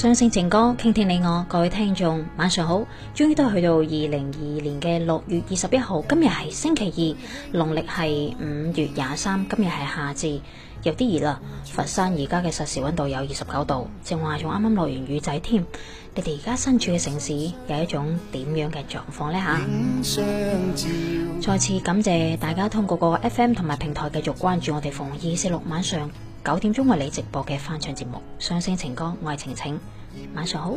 雙星情歌傾聽你我，各位聽眾，晚上好！終於都去到二零二二年嘅六月二十一號，今日係星期二，農曆係五月廿三，今日係夏至，有啲熱啦。佛山而家嘅實時溫度有二十九度，正話仲啱啱落完雨仔添。你哋而家身處嘅城市有一種點樣嘅狀況呢？吓、嗯！再次感謝大家通過個 FM 同埋平台繼續關注我哋逢二四六晚上。九點鐘為你直播嘅翻唱節目《雙星情歌》，我係晴晴，晚上好。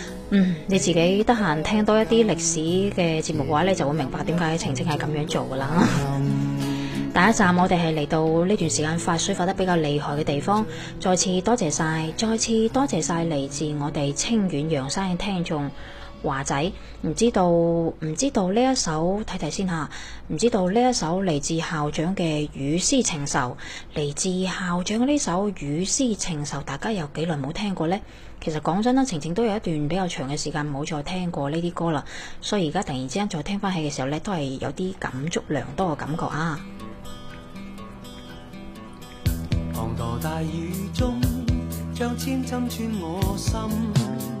嗯，你自己得閒聽多一啲歷史嘅節目嘅話，你就會明白點解晴晴係咁樣做噶啦。 第一站我哋係嚟到呢段時間發水發得比較厲害嘅地方，再次多謝晒，再次多謝晒嚟自我哋清遠陽山嘅聽眾。華仔，唔知道唔知道呢一首，睇睇先吓，唔知道呢一首嚟自校長嘅「雨絲情愁」。嚟自校長嘅呢首「雨絲情愁」，大家有幾耐冇聽過呢？其實講真啦，晴晴都有一段比較長嘅時間冇再聽過呢啲歌啦，所以而家突然之間再聽翻起嘅時候呢，都係有啲感觸良多嘅感覺啊！滂沱大雨中，像千針穿我心。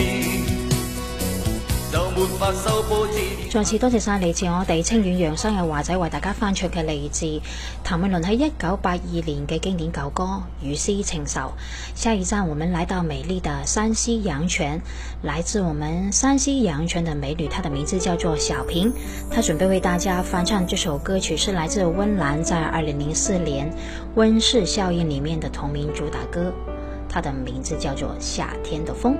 再次多謝晒嚟自我哋清遠陽山嘅華仔為大家翻唱嘅嚟自譚詠麟喺一九八二年嘅經典舊歌《雨絲情愁》。下一站，我們來到美麗的山西陽泉，來自我們山西陽泉嘅美女，她的名字叫做小平，她準備為大家翻唱這首歌曲，是來自温嵐在二零零四年《温室效應》裏面的同名主打歌，她的名字叫做《夏天的風》。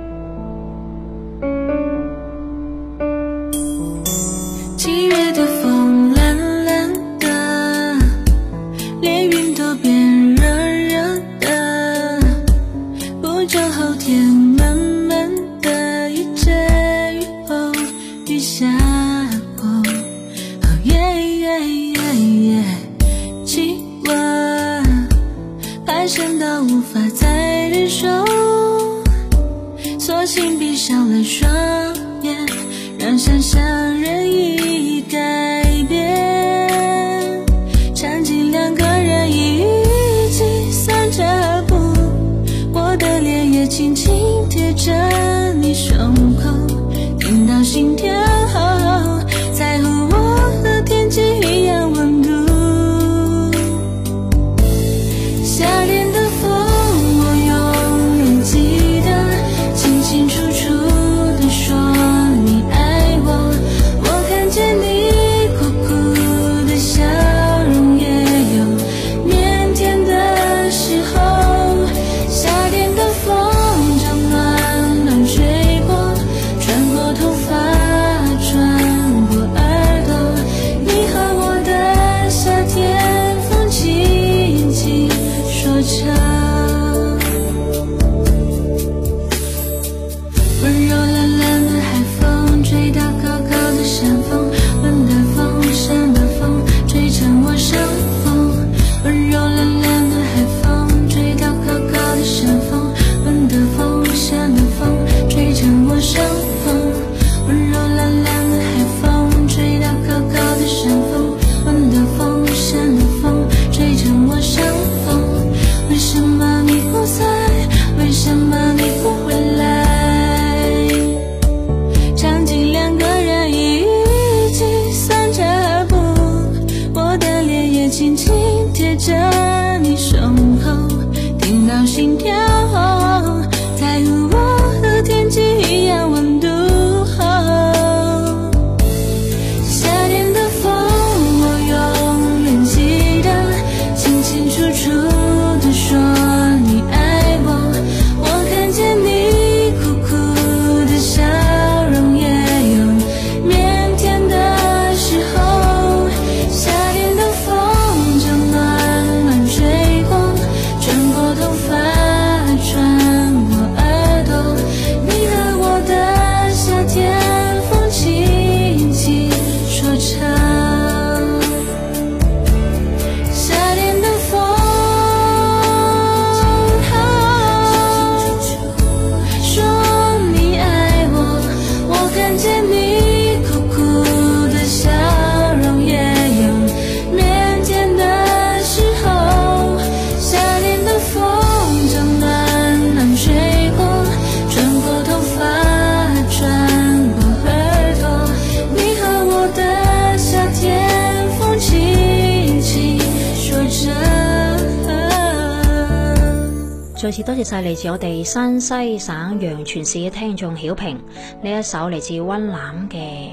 就嚟自我哋山西省陽泉市嘅聽眾曉平，呢一首嚟自溫嵐嘅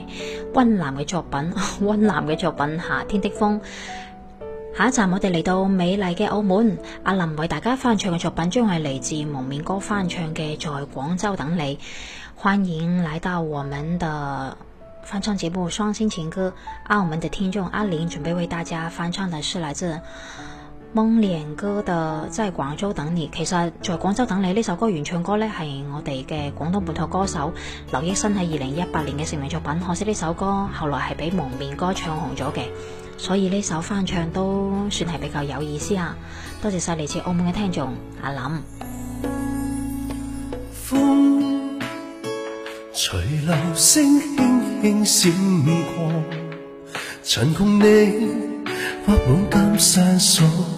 溫嵐嘅作品 溫嵐嘅作品夏天的風。下一站，我哋嚟到美麗嘅澳門，阿林為大家翻唱嘅作品將係嚟自蒙面哥翻唱嘅《在廣州等你》。歡迎來到我們的翻唱節目《雙星情歌》，澳、啊、門的聽眾阿蓮準備為大家翻唱嘅是來自。蒙面歌的即係廣州等你，其實在廣州等你呢首歌原唱歌呢係我哋嘅廣東本土歌手劉益新喺二零一八年嘅成名作品，可惜呢首歌後來係俾蒙面歌唱紅咗嘅，所以呢首翻唱都算係比較有意思啊！多謝晒嚟自澳門嘅聽眾阿林。風隨流星輕輕閃過，曾共你不滿金山鎖。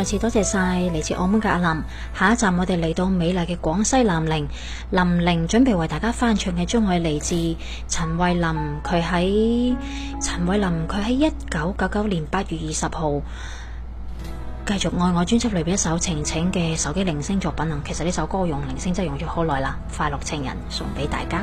再次多謝晒嚟自澳門嘅阿林，下一站我哋嚟到美麗嘅廣西南寧，林玲準備為大家翻唱嘅將會嚟自陳慧琳，佢喺陳慧琳佢喺一九九九年八月二十號繼續愛我專輯裏邊一首晴晴嘅手機鈴聲作品啊，其實呢首歌用鈴聲真係用咗好耐啦，快樂情人送俾大家。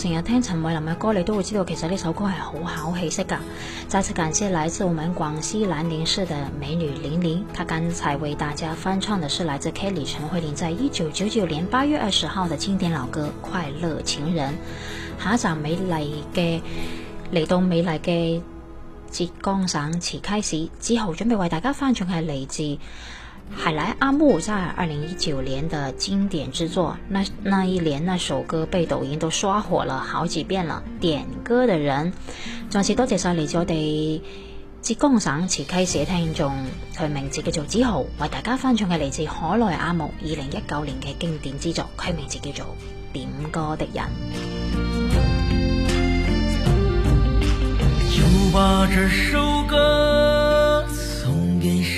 成日聽陳慧琳嘅歌，你都會知道其實呢首歌係好考氣息噶。再次感謝來自我們廣西南寧市的美女玲玲，她剛才為大家翻唱嘅是來自 Kelly 陳慧琳在一九九九年八月二十號的經典老歌《快樂情人》。下一站，美麗嘅嚟到美麗嘅浙江省慈溪市之後，準備為大家翻唱嘅係嚟自。海來阿木在二零一九年的經典之作，那那一年那首歌被抖音都刷火了好幾遍了。點歌的人，再次多謝晒嚟自我哋浙江省慈溪市嘅聽眾，佢名字叫做子豪，為大家翻唱嘅嚟自海來阿木二零一九年嘅經典之作，佢名字叫做《點歌的人》。就把這首歌送給。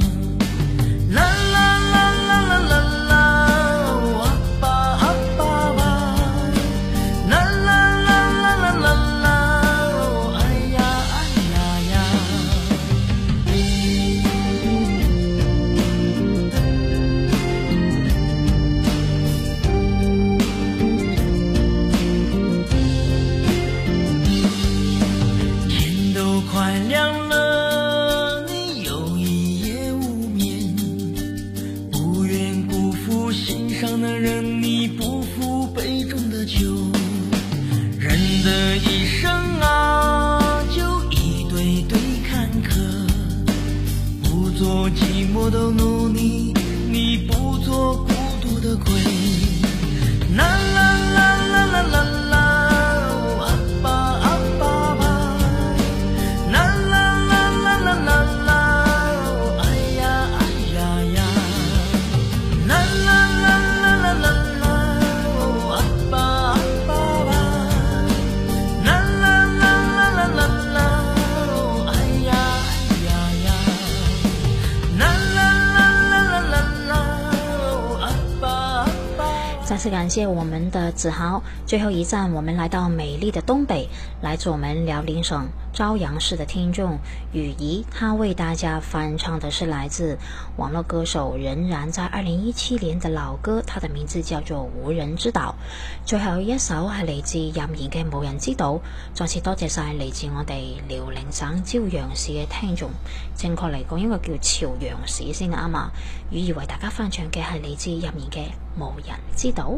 謝謝我們的子豪，最後一站我們來到美麗的東北，來自我們遼寧省朝陽市的聽眾雨怡，他為大家翻唱的是來自網絡歌手任然在二零一七年的老歌，他的名字叫做《無人之島》。最後一首係嚟自任然嘅《無人之島》，再次多謝晒嚟自我哋遼寧省朝陽市嘅聽眾，正確嚟講應該叫朝陽市先啱嘛。雨怡為大家翻唱嘅係嚟自任然嘅《無人之島》。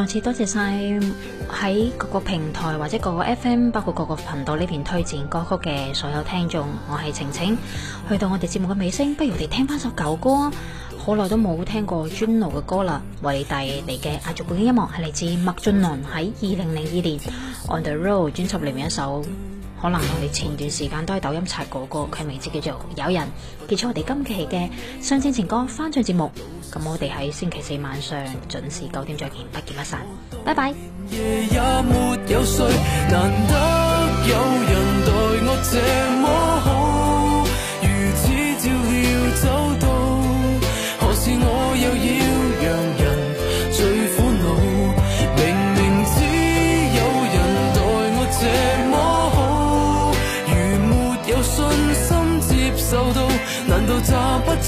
上次多謝晒喺各個平台或者各個 FM 包括各個頻道呢邊推薦歌曲嘅所有聽眾，我係晴晴。去到我哋節目嘅尾聲，不如我哋聽翻首舊歌。好耐都冇聽過 Juno 嘅歌啦，為你帶嚟嘅亞洲背景音樂係嚟自麥浚龍喺二零零二年《On the Road》專輯裏面一首。可能我哋前段時間都喺抖音刷過個，佢名字叫做有人。結束我哋今期嘅《雙星情歌》翻唱節目，咁我哋喺星期四晚上準時九點再見，不見不散，拜拜。